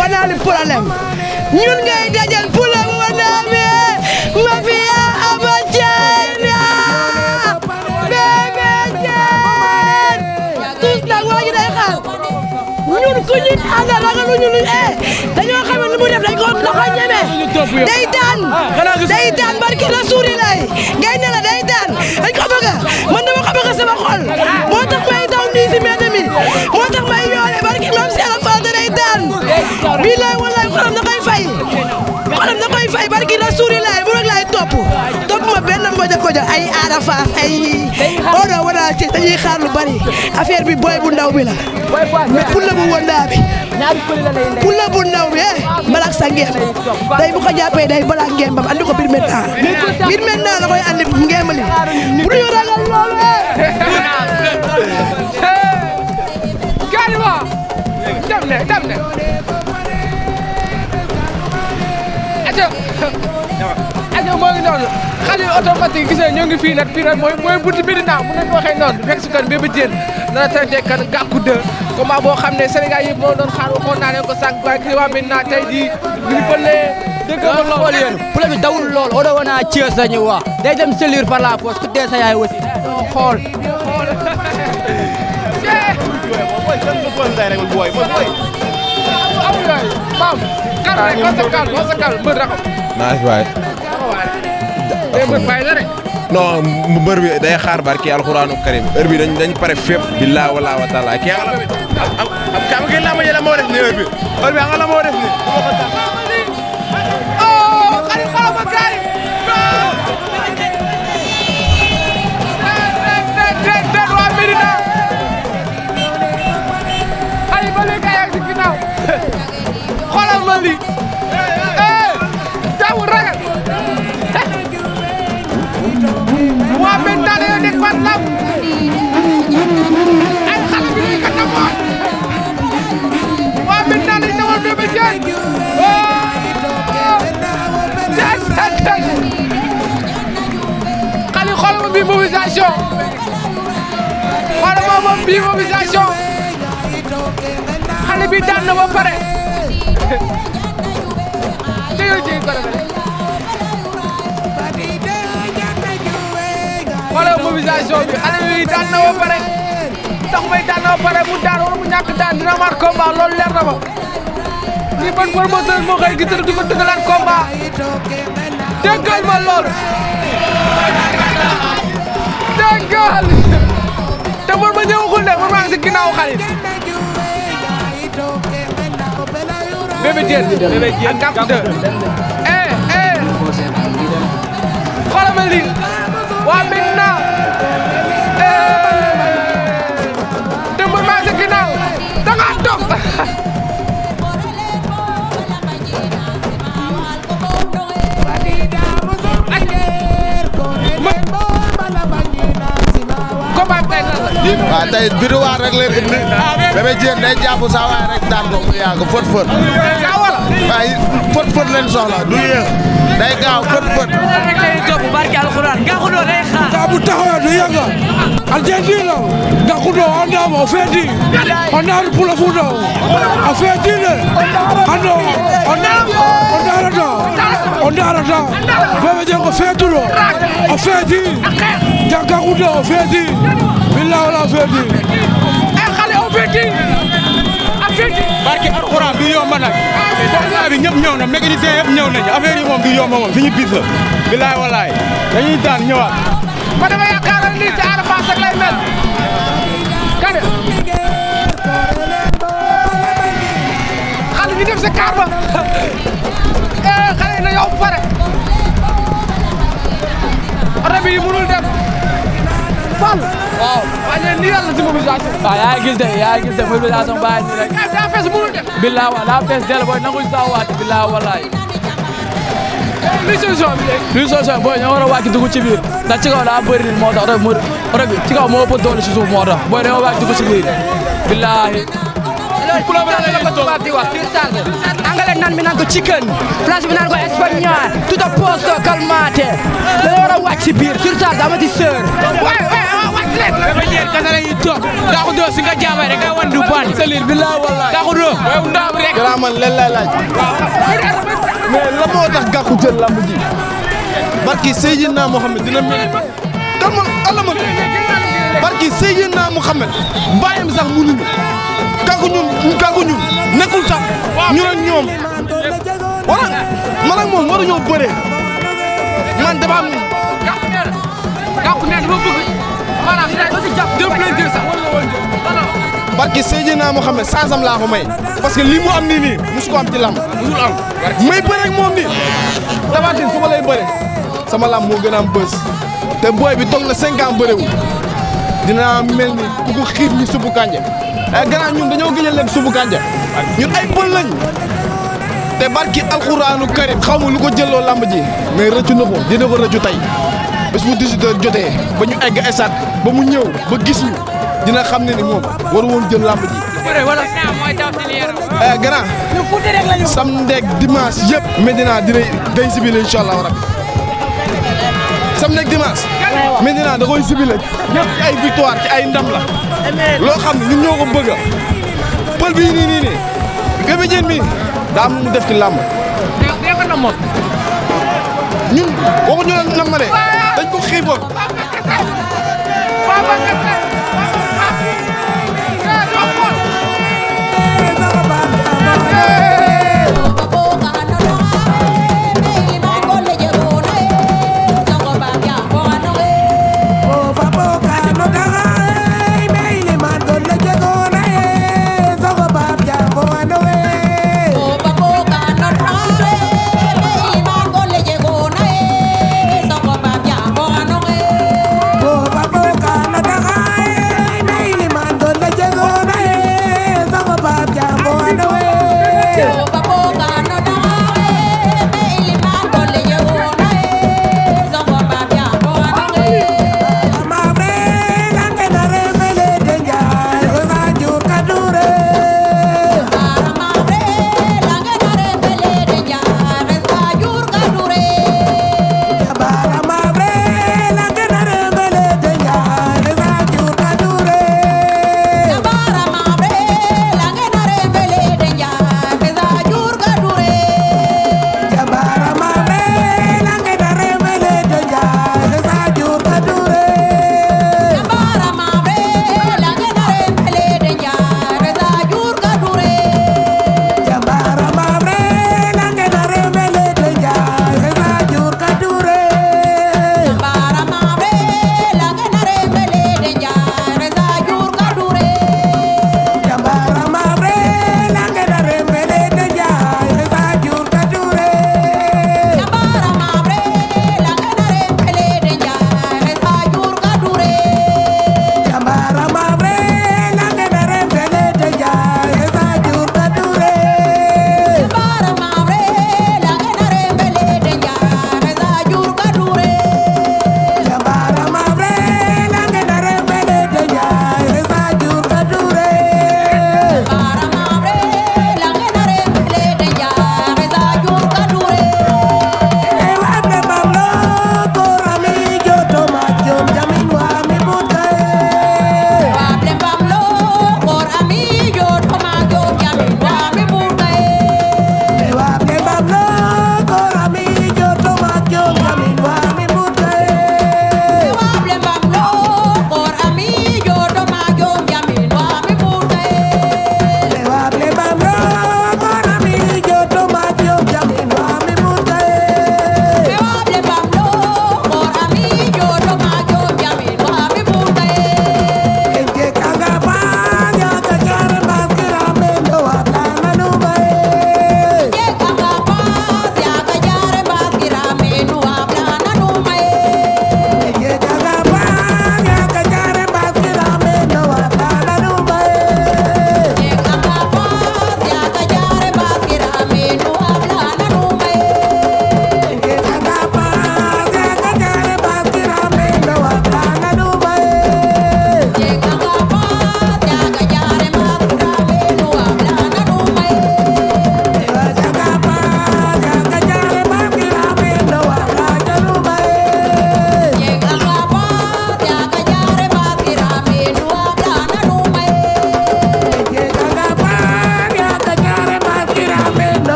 wanaani problème ñun ngay dajal problème wanaami ma fi yaa ama ceena bébé ceen tous nag waa ji day xaar ñun ku ñu àndal ragaluñu luñ ee eh, dañoo xame lu mu def dañ ko da ko ñeme day daan day daan barke Rasuulillah ngay ne la day daan dañ ko bëgga man dama ko bëgga sama xol moo tax may daw nii si mbedd mi moo tax may yoole barke mam billaay wallaay xolam da koy fay xolam da koy fay barki Rasulillah bu rek laay topp topp ma benn mboja koja ay aada faas ay odo wala ci dañuy xaar lu bari affaire bi booy bu ndaw bi la mais pula bu wondaa bi pula bu ndaw bi eh balak sa day bu ko day balak ngeem bam andi ko biir maintenant la koy andi ngeem li bu ragal loolu eh. ne dal ne ajo ajo moo ngi noonu xale yu automatique gis nga ñoo ngi fii mooy mooy buntu bi dinaa mun nañu waxee noonu fekk si kon Bébé Diène nana traité kan gàkku 2 combat boo xam ne Sénégal yëpp moo doon xaar waxoon naa ne ko sànq waaye kii waa maintenant tey jii bu dëgg la xool yéen bi dawul lool o da wona Thiès la ñu wax dem selure par la ku dee sa yaay aussi fun day rek boy boy boy bi day xaar barki alxuraanu karim heure bi dañ dañ pare fépp billahi wala wa taala ki nga am am kam ngeen la ma jël moo bi heure bi nga la moo def ni waa Mentale yooyu dañ ko ay xale bi ñuy kat waa Mentale yi dawal Bébé Diène tey tey tey xale xool ma bii mobilisation xoolal ma bi daan na ba pare dégg nga pression bi xale bi daan na ba pare tax may daan na ba pare mu daan wala mu ñàkk daan dina maar combat loolu leer na ma lii ban promoteur moo xëy gi tëdd di ma tëggalaan combat déggal ma loolu déggal te man ma ñëwagul de man maa ngi si ginnaaw xale Bébé Diène Bébé Diène ak Gap 2 eh eh xoolal ma lii waa waaw tey bidouwaar rek leen indi Bébé Diène day jàpp saa waay rek daan ko mu yàgg fët fët waaye fët fët leen soxla du yéex day gaaw fët fët rek lay topp barke alxuraan nga xudoo day xaar saa bu taxawee du yàgg aljendi la nga xudoo andaam o feeti andaar pula fuuto a feeti le ando ondaarata ondaarata Bébé Diène ko feetulo o feeti jàkka xudoo o feeti billahi wala feeti ay xale o feeti barke alxuraan du yomb nag combat bi ñëpp ñëw na mécanicien yëpp ñëw nañu affaire yi moom daan ñëwaat ma dama yaakaaroon lii ci Ada Fass ak mel kane xale ñu def sa kaar ba eh, xale na yow pare oto bi mënul loolu. waaw waaye yéen nii yàlla si mobilisation. waaw yaa ngi gis de yaa ngi gis de mobilisation bàyyi nii rek. daa fees mënul def. bilaa wa daa fees dell booy nanguñ saa waat bilaa walaay. luy solution bi léegi. luy solution booy ñoo war a wàcc dugg ci biir ndax ci kaw daa bëri nit moo tax oto bi ci kaw moo ëpp doole si suuf moo tax booy dañoo wàcc dugg ci biir bilaahi. angale nan mi nan ko chicken place bi nan ko espagnol tout a posto calmate da war a wàcc ci biir surcharge amati sœur dafa jeer kasa la ñuy toog Gackou 2 si nga jaamay rek a wan du baax salir billahi wallahi Gackou 2 yow ndaw rek dara laaj mais la moo tax Gackou jël lamb ji barki Seydina dina mel kan man barki Seydina Mohamed mbayam sax mënuñu Gackou ñun Gackou ñun nekkul sax ñu ñoom wala man ak moom waruñoo bëree man dafa am barki Seydina Mohamed sansam laa ko may parce que lii mu am nii nii musu ko am ci lamb musul am may bëre ak moom nii Tapha Tine su lay bëre sama lamb moo gën a am bës te booy bi toog na cinq ans bërewu dinaa mel ni ku ko xiif ñu subu kànja ay eh, gannaaw ñun dañoo gëjal leen subu kànja ñun ay pël lañ te barki alxuraanu karim xaw ma lu ko jëloo lamb ji mais rëccu na ko dina ko rëccu tey bés bu 18h jotee ba ñu egg esaat ba mu ñëw ba gis ñu dina xam ne ni moom waru woon jël làmb ji. wala eh, grand samedi ak dimanche yëpp Medina dina day sibile incha allah rabbi samedi Medina da koy sibile ñëpp ay victoire ci ay ndam la loo xam ne ñun ñoo ko bëgg pël bii nii nii nii comédien bi daa am mu def ci làmb ñun waxuñu la nam ma ko xibam Baba Kassam Baba Kassam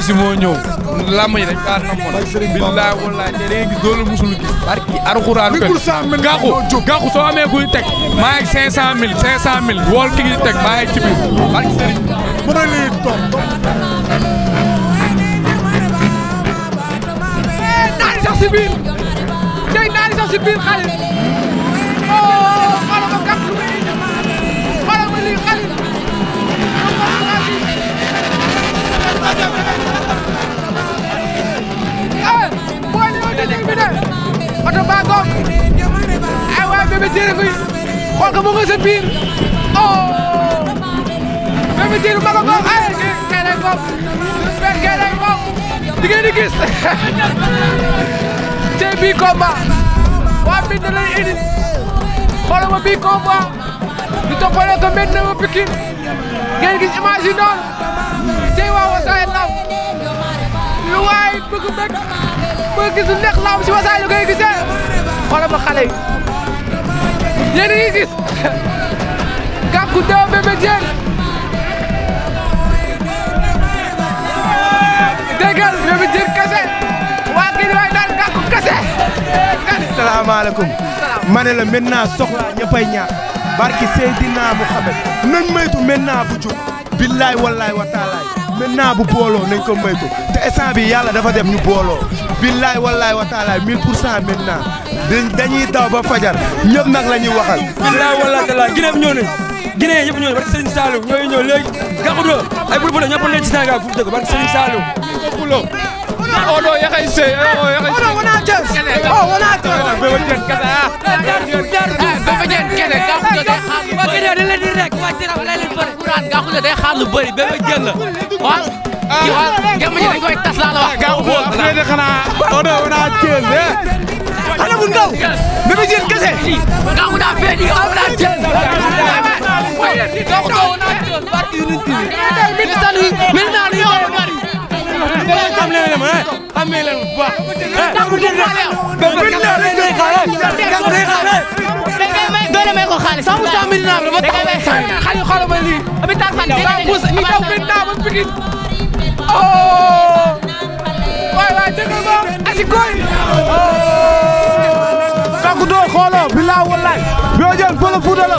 Messi moo ñëw làmb yi dañ kaa namoon billaahi wallaahi te da ngay gis loolu musul gis barki alxuraan pen gàqu gàqu soo amee kuy teg maa ngi cinq cent mille cinq cent mille wool ki ngi teg maa ci biir barki sëriñ mën a mu nga biir oh Bébé Diène ma nga ko ay kee lay bopp kee lay bopp di ngeen di gis te bii combat waa mbind lay indi xoolal ma bii combat ñu toppale ko mbind ma Pikine ngeen gis image yi waa Wassare Lamb lu waay bëgg bëgg gis nekk lamb si Wassare ñu koy gisee xoolal ma xale yi yéen a gis Gackou 2 Bébé Diène déggal Bébé Diène kese waa gi waay daan Gackou kese asalaamaaleykum ma ne la maintenant soxla ñëppay ñaax barki Seydina Mouhamed nan maytu maintenant bu jub billaay wallaay wa maintenant bu booloo nañ ko moytu te instant bi dafa def ñu booloo billaay wallaay wa taala 1000 pour cent maintenant dañuy daw ba fajar ñëpp nag la ñuy waxal. billaay wallaay taala Guinée ñëw nañ Guinée yëpp ñëw nañ barke Serigne Saliou ñooy ñëw léegi Gakoudo ay Bourbon ñëpp a nekk ci Sénégal fu mu dëkk barke Serigne Saliou. Oh no, yeah, I say. Oh, yeah, I say. Oh, we're not just. Oh, we're not just. Oh, we're not just. Oh, we're not just. Oh, may leen bu baax. doole may ko xaalis. waaw da ngay may xaalis xoolal ma lii. abitar fan dégg nga dégg nga taw ba Pikine. oh. waay waay dégg nga asikooy. oh. donc doo xooloo bilaa wallaay. yoo jël bële fuuta la.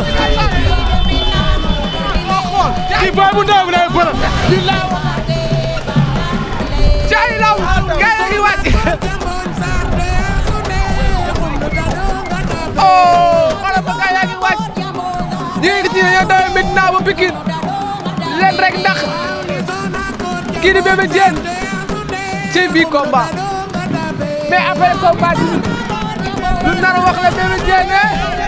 kii booy bu ndaw bi day bële. Cai law gay ngi wàcc oh xoolal ba gay yaa ngi wàcc ñu ngi ci ñoo dawe Médina ba Pikine leen rek ndax kii di Bébé Diène ci bi combat mais après combat bi lu nar wax la Bébé Diène eh?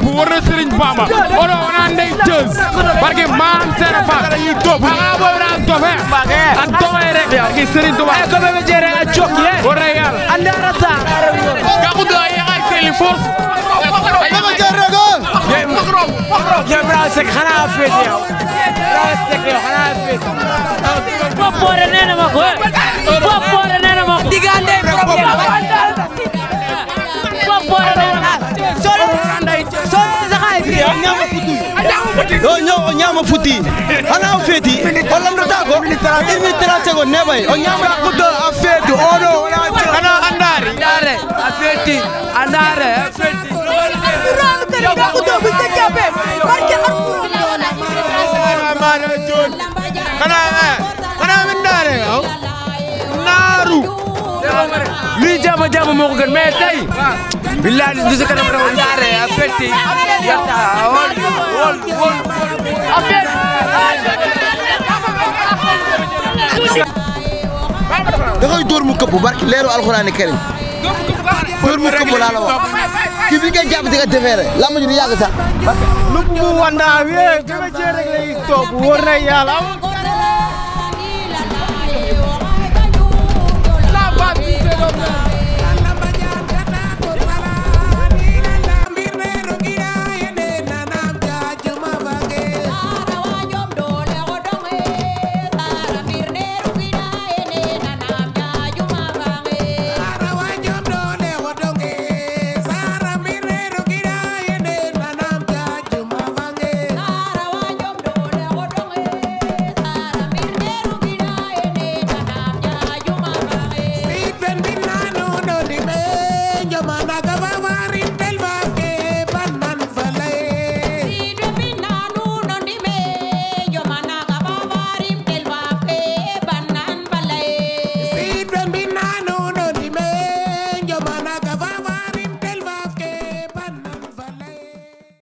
boobu war na Serigne Bamba ono ona ndey teus barke maam Sera Fall maa boobu na am tofe an tofe rek barke Serigne Touba ay ko bebe jere a cok ye wara yal ande rata ga ko do ay ay seli force bebe jere go ye bra sek xana afet yow bra sek yow xana afet popore nena ma ko popore eh. nena ma ko digande popore nena ma ñama futi ɗo ñaw o ñama futi ala o feeti o lamdata ko imi 30 seconde ne ɓay o ñamɗa goɗɗo a feetu oɗo ana andari andare a feeti andare a feeti kana kana min dare naaru doomu jàmm moo ko gën mais tey billahi du si kanam raw daare afetti yatta wol wol wol afet da mu këpp barki leeru alxuraani karim dóor mu këpp laa la wax kii bi nga jàpp di nga defeere ji di yàgg sax lu mu wanda wee dama cee rek lay toog wóor na yàlla